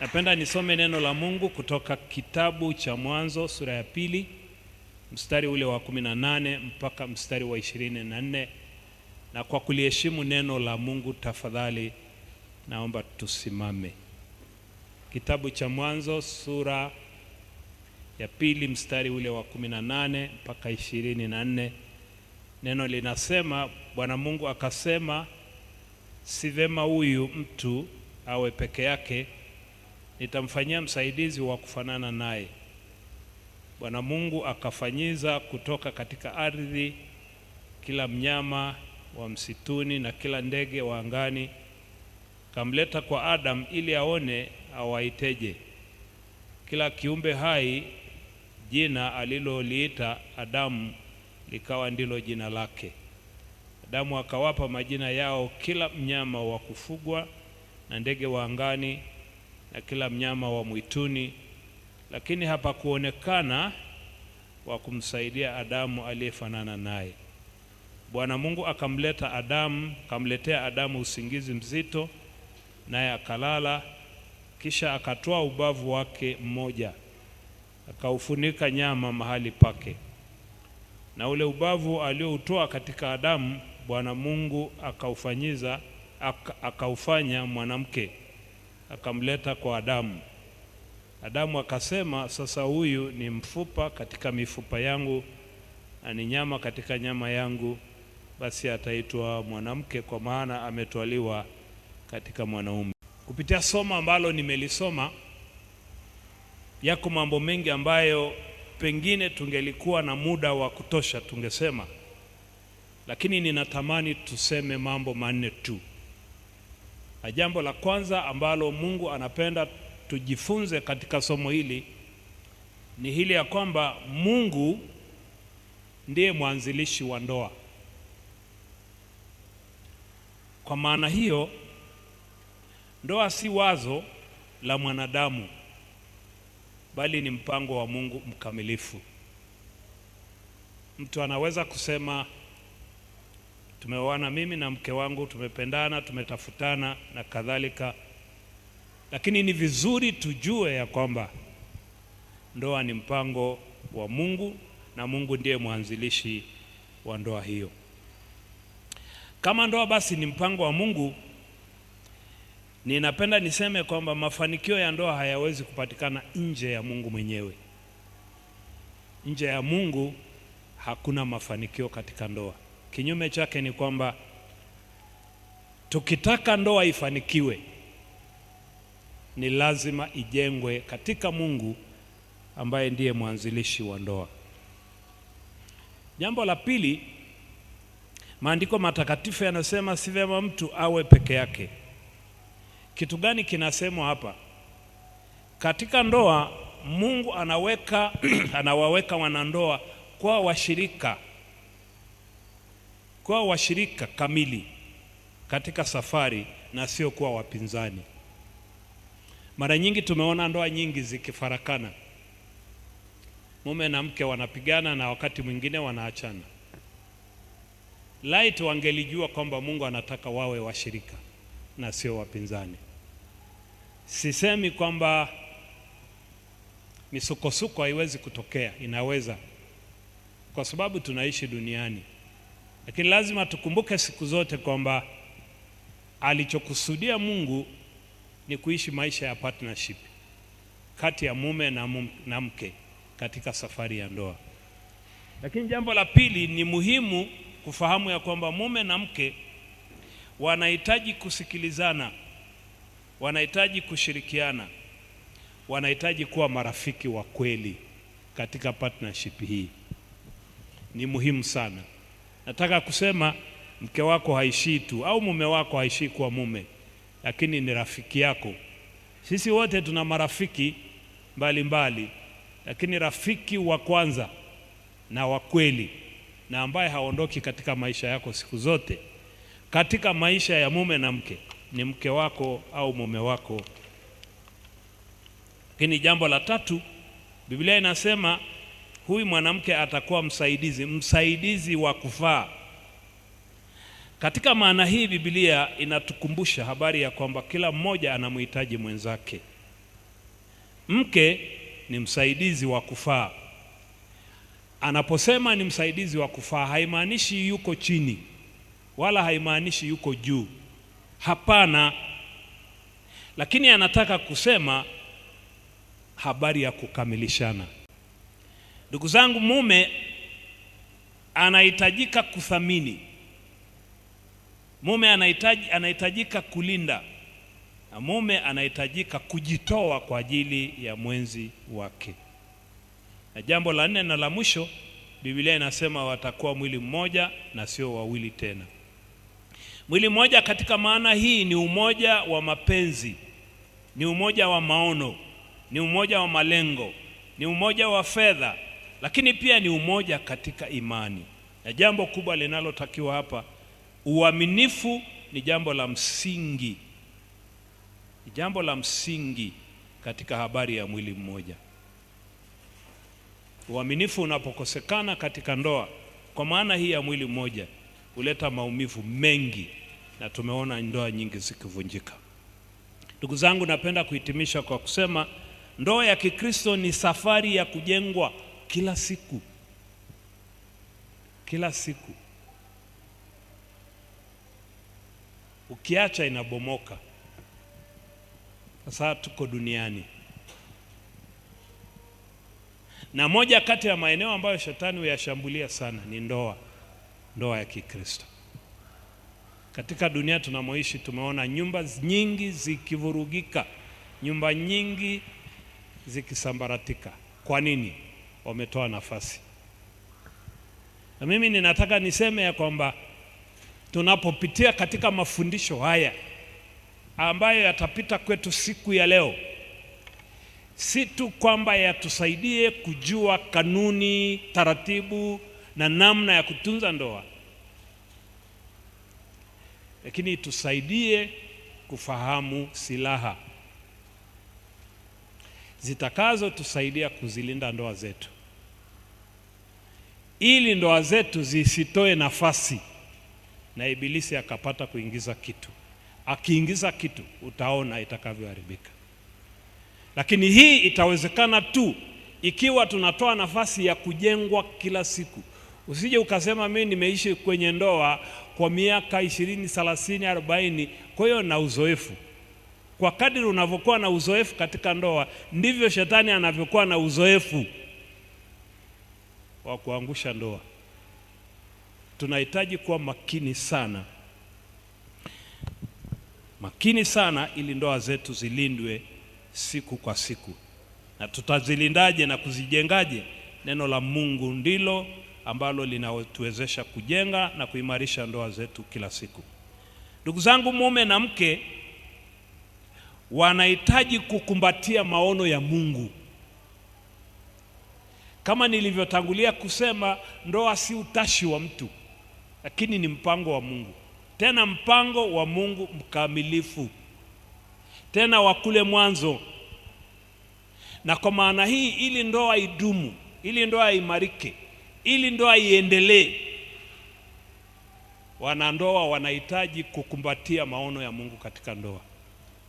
Napenda nisome neno la Mungu kutoka kitabu cha Mwanzo sura ya pili mstari ule wa 18 mpaka mstari wa 24, na kwa kuliheshimu neno la Mungu tafadhali naomba tusimame. Kitabu cha Mwanzo sura ya pili mstari ule wa 18 mpaka 24, neno linasema, Bwana Mungu akasema, si vema huyu mtu awe peke yake nitamfanyia msaidizi wa kufanana naye. Bwana Mungu akafanyiza kutoka katika ardhi kila mnyama wa msituni na kila ndege wa angani, kamleta kwa Adamu ili aone awaiteje kila kiumbe hai. Jina aliloliita Adamu likawa ndilo jina lake. Adamu akawapa majina yao kila mnyama wa kufugwa na ndege wa angani na kila mnyama wa mwituni, lakini hapakuonekana wa kumsaidia Adamu aliyefanana naye. Bwana Mungu akamleta Adamu, akamletea Adamu usingizi mzito, naye akalala. Kisha akatoa ubavu wake mmoja, akaufunika nyama mahali pake, na ule ubavu alioutoa katika Adamu Bwana Mungu akaufanyiza akaufanya mwanamke akamleta kwa Adamu. Adamu akasema, sasa huyu ni mfupa katika mifupa yangu na ni nyama katika nyama yangu, basi ataitwa mwanamke, kwa maana ametwaliwa katika mwanaume. Kupitia somo ambalo nimelisoma, yako mambo mengi ambayo pengine tungelikuwa na muda wa kutosha tungesema, lakini ninatamani tuseme mambo manne tu. Na jambo la kwanza ambalo Mungu anapenda tujifunze katika somo hili ni hili ya kwamba Mungu ndiye mwanzilishi wa ndoa. Kwa maana hiyo, ndoa si wazo la mwanadamu bali ni mpango wa Mungu mkamilifu. Mtu anaweza kusema tumeoana mimi na mke wangu, tumependana, tumetafutana na kadhalika, lakini ni vizuri tujue ya kwamba ndoa ni mpango wa Mungu na Mungu ndiye mwanzilishi wa ndoa hiyo. Kama ndoa basi ni mpango wa Mungu, ninapenda niseme kwamba mafanikio ya ndoa hayawezi kupatikana nje ya Mungu mwenyewe. Nje ya Mungu hakuna mafanikio katika ndoa. Kinyume chake ni kwamba tukitaka ndoa ifanikiwe ni lazima ijengwe katika Mungu ambaye ndiye mwanzilishi wa ndoa. Jambo la pili, maandiko matakatifu yanasema si vyema mtu awe peke yake. Kitu gani kinasemwa hapa? Katika ndoa Mungu anaweka anawaweka wanandoa kwa washirika kuwa washirika kamili katika safari na sio kuwa wapinzani. Mara nyingi tumeona ndoa nyingi zikifarakana, mume na mke wanapigana na wakati mwingine wanaachana. Light wangelijua kwamba Mungu anataka wawe washirika na sio wapinzani. Sisemi kwamba misukosuko haiwezi kutokea, inaweza, kwa sababu tunaishi duniani lakini lazima tukumbuke siku zote kwamba alichokusudia Mungu ni kuishi maisha ya partnership kati ya mume na, mum, na mke katika safari ya ndoa. Lakini jambo la pili ni muhimu kufahamu ya kwamba mume na mke wanahitaji kusikilizana, wanahitaji kushirikiana, wanahitaji kuwa marafiki wa kweli katika partnership hii. Ni muhimu sana. Nataka kusema mke wako haishii tu au mume wako haishii kuwa mume, lakini ni rafiki yako. Sisi wote tuna marafiki mbalimbali mbali, lakini rafiki wa kwanza na wa kweli na ambaye haondoki katika maisha yako siku zote katika maisha ya mume na mke ni mke wako au mume wako. Lakini jambo la tatu, Biblia inasema huyu mwanamke atakuwa msaidizi, msaidizi wa kufaa. Katika maana hii, Biblia inatukumbusha habari ya kwamba kila mmoja anamhitaji mwenzake. Mke ni msaidizi wa kufaa. Anaposema ni msaidizi wa kufaa, haimaanishi yuko chini wala haimaanishi yuko juu. Hapana, lakini anataka kusema habari ya kukamilishana. Ndugu zangu, mume anahitajika kuthamini, mume anahitaji anahitajika kulinda, na mume anahitajika kujitoa kwa ajili ya mwenzi wake. Na jambo la nne na la mwisho, Biblia inasema watakuwa mwili mmoja na sio wawili tena. Mwili mmoja katika maana hii ni umoja wa mapenzi, ni umoja wa maono, ni umoja wa malengo, ni umoja wa fedha lakini pia ni umoja katika imani, na jambo kubwa linalotakiwa hapa, uaminifu ni jambo la msingi, ni jambo la msingi katika habari ya mwili mmoja. Uaminifu unapokosekana katika ndoa, kwa maana hii ya mwili mmoja, huleta maumivu mengi, na tumeona ndoa nyingi zikivunjika. Ndugu zangu, napenda kuhitimisha kwa kusema ndoa ya Kikristo ni safari ya kujengwa kila siku, kila siku. Ukiacha inabomoka. Sasa tuko duniani, na moja kati ya maeneo ambayo shetani huyashambulia sana ni ndoa, ndoa ya Kikristo. Katika dunia tunamoishi, tumeona nyumba nyingi zikivurugika, nyumba nyingi zikisambaratika. Kwa nini? wametoa nafasi, na mimi ninataka niseme ya kwamba tunapopitia katika mafundisho haya ambayo yatapita kwetu siku ya leo, si tu kwamba yatusaidie kujua kanuni, taratibu na namna ya kutunza ndoa, lakini tusaidie kufahamu silaha zitakazotusaidia kuzilinda ndoa zetu, ili ndoa zetu zisitoe nafasi na ibilisi akapata kuingiza kitu. Akiingiza kitu, utaona itakavyoharibika. Lakini hii itawezekana tu ikiwa tunatoa nafasi ya kujengwa kila siku. Usije ukasema mimi nimeishi kwenye ndoa kwa miaka ishirini, thelathini, arobaini, kwa hiyo na uzoefu kwa kadiri unavyokuwa na uzoefu katika ndoa, ndivyo shetani anavyokuwa na uzoefu wa kuangusha ndoa. Tunahitaji kuwa makini sana, makini sana, ili ndoa zetu zilindwe siku kwa siku. Na tutazilindaje na kuzijengaje? Neno la Mungu ndilo ambalo linatuwezesha kujenga na kuimarisha ndoa zetu kila siku. Ndugu zangu, mume na mke wanahitaji kukumbatia maono ya Mungu. Kama nilivyotangulia kusema, ndoa si utashi wa mtu, lakini ni mpango wa Mungu, tena mpango wa Mungu mkamilifu, tena wa kule mwanzo. Na kwa maana hii, ili ndoa idumu, ili ndoa imarike, ili ndoa iendelee, wanandoa wanahitaji kukumbatia maono ya Mungu katika ndoa.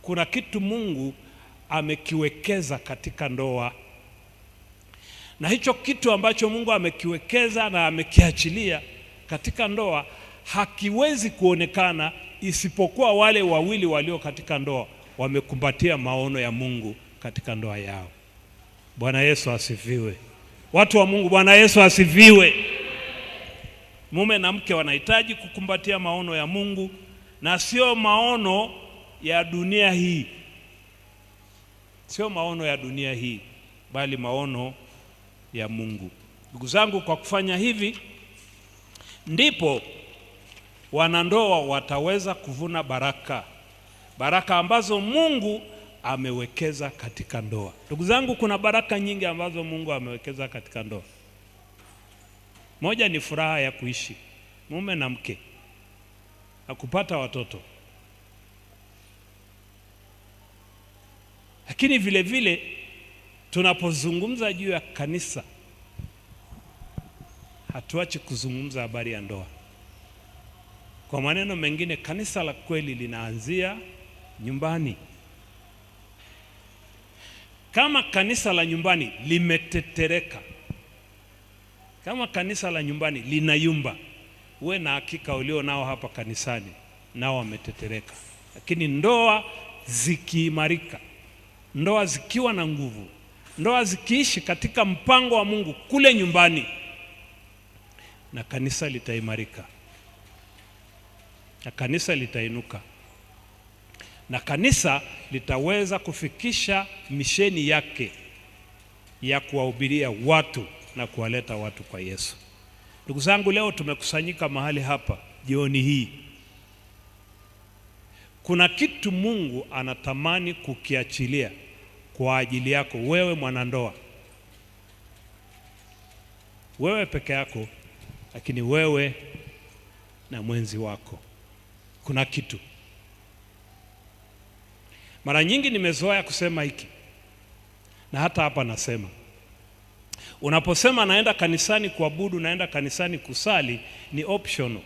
Kuna kitu Mungu amekiwekeza katika ndoa, na hicho kitu ambacho Mungu amekiwekeza na amekiachilia katika ndoa hakiwezi kuonekana isipokuwa wale wawili walio katika ndoa wamekumbatia maono ya Mungu katika ndoa yao. Bwana Yesu asifiwe. Watu wa Mungu, Bwana Yesu asifiwe. Mume na mke wanahitaji kukumbatia maono ya Mungu na sio maono ya dunia hii, sio maono ya dunia hii, bali maono ya Mungu. Ndugu zangu, kwa kufanya hivi ndipo wanandoa wataweza kuvuna baraka, baraka ambazo Mungu amewekeza katika ndoa. Ndugu zangu, kuna baraka nyingi ambazo Mungu amewekeza katika ndoa. Moja ni furaha ya kuishi mume na mke na kupata watoto. Lakini vile vile tunapozungumza juu ya kanisa, hatuachi kuzungumza habari ya ndoa. Kwa maneno mengine, kanisa la kweli linaanzia nyumbani. Kama kanisa la nyumbani limetetereka, kama kanisa la nyumbani linayumba, uwe na hakika ulio nao hapa kanisani nao wametetereka. Lakini ndoa zikiimarika Ndoa zikiwa na nguvu, ndoa zikiishi katika mpango wa Mungu kule nyumbani, na kanisa litaimarika, na kanisa litainuka, na kanisa litaweza kufikisha misheni yake ya kuwahubiria watu na kuwaleta watu kwa Yesu. Ndugu zangu, leo tumekusanyika mahali hapa jioni hii. Kuna kitu Mungu anatamani kukiachilia kwa ajili yako wewe mwanandoa, wewe peke yako, lakini wewe na mwenzi wako, kuna kitu. Mara nyingi nimezoea kusema hiki na hata hapa nasema, unaposema naenda kanisani kuabudu, naenda kanisani kusali, ni optional.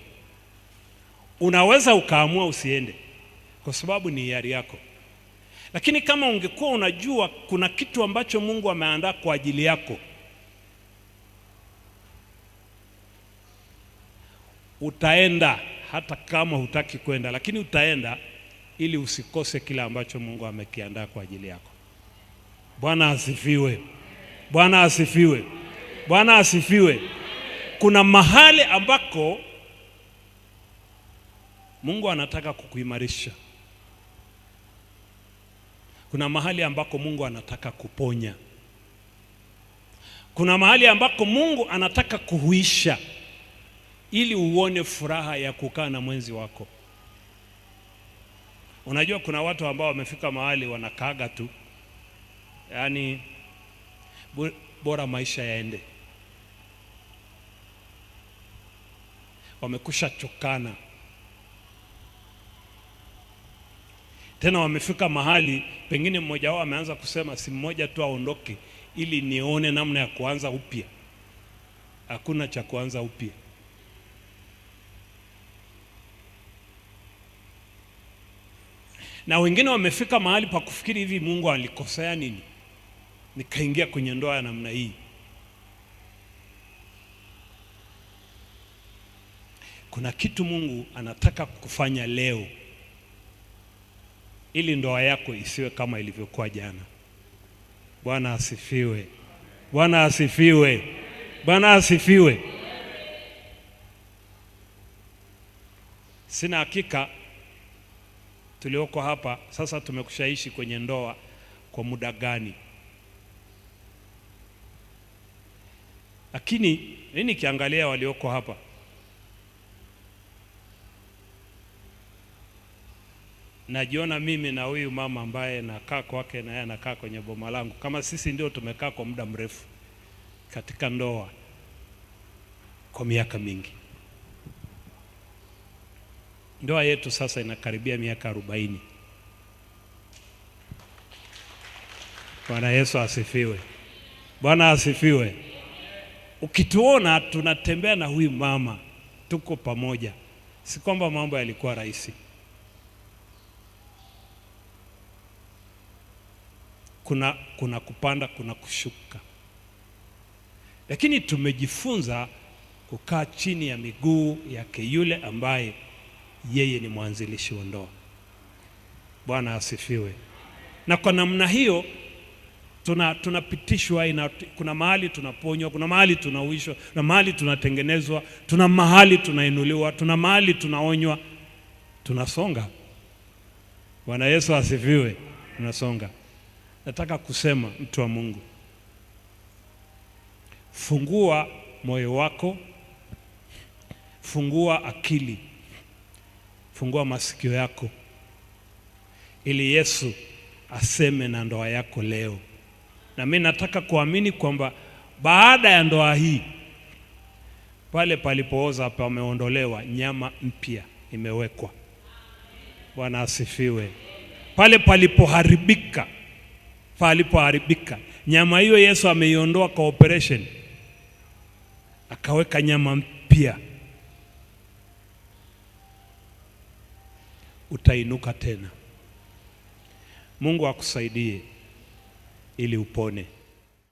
Unaweza ukaamua usiende, kwa sababu ni hiari yako. Lakini kama ungekuwa unajua kuna kitu ambacho Mungu ameandaa kwa ajili yako, utaenda hata kama hutaki kwenda, lakini utaenda ili usikose kile ambacho Mungu amekiandaa kwa ajili yako. Bwana asifiwe! Bwana asifiwe! Bwana asifiwe! Kuna mahali ambako Mungu anataka kukuimarisha. Kuna mahali ambako Mungu anataka kuponya, kuna mahali ambako Mungu anataka kuhuisha, ili uone furaha ya kukaa na mwenzi wako. Unajua, kuna watu ambao wamefika mahali wanakaaga tu, yaani bora maisha yaende, wamekusha chokana Tena wamefika mahali pengine mmoja wao ameanza kusema si mmoja tu aondoke, ili nione namna ya kuanza upya. Hakuna cha kuanza upya. Na wengine wamefika mahali pa kufikiri hivi, Mungu alikosea nini nikaingia kwenye ndoa ya namna hii? Kuna kitu Mungu anataka kufanya leo ili ndoa yako isiwe kama ilivyokuwa jana. Bwana asifiwe! Bwana asifiwe! Bwana asifiwe! Sina hakika tulioko hapa sasa tumekushaishi kwenye ndoa kwa muda gani, lakini mimi nikiangalia walioko hapa najiona mimi na huyu mama ambaye nakaa kwake na yeye anakaa kwenye boma langu, kama sisi ndio tumekaa kwa muda mrefu katika ndoa kwa miaka mingi. Ndoa yetu sasa inakaribia miaka arobaini. Bwana Yesu asifiwe! Bwana asifiwe! Ukituona tunatembea na huyu mama, tuko pamoja, si kwamba mambo yalikuwa rahisi. kuna, kuna kupanda, kuna kushuka, lakini tumejifunza kukaa chini ya miguu yake yule ambaye yeye ni mwanzilishi wa ndoa. Bwana asifiwe. Na kwa namna hiyo tunapitishwa ina, kuna mahali tunaponywa, kuna mahali tunauishwa, kuna mahali tunatengenezwa, tuna mahali tunainuliwa, tuna mahali tunaonywa, tunasonga. Bwana Yesu asifiwe, tunasonga nataka kusema mtu wa Mungu, fungua moyo wako, fungua akili, fungua masikio yako, ili Yesu aseme na ndoa yako leo. Na mimi nataka kuamini kwamba baada ya ndoa hii, pale palipooza pameondolewa, nyama mpya imewekwa. Bwana asifiwe. Pale palipoharibika palipoharibika. Nyama hiyo Yesu ameiondoa kwa operation, akaweka nyama mpya. Utainuka tena. Mungu akusaidie ili upone.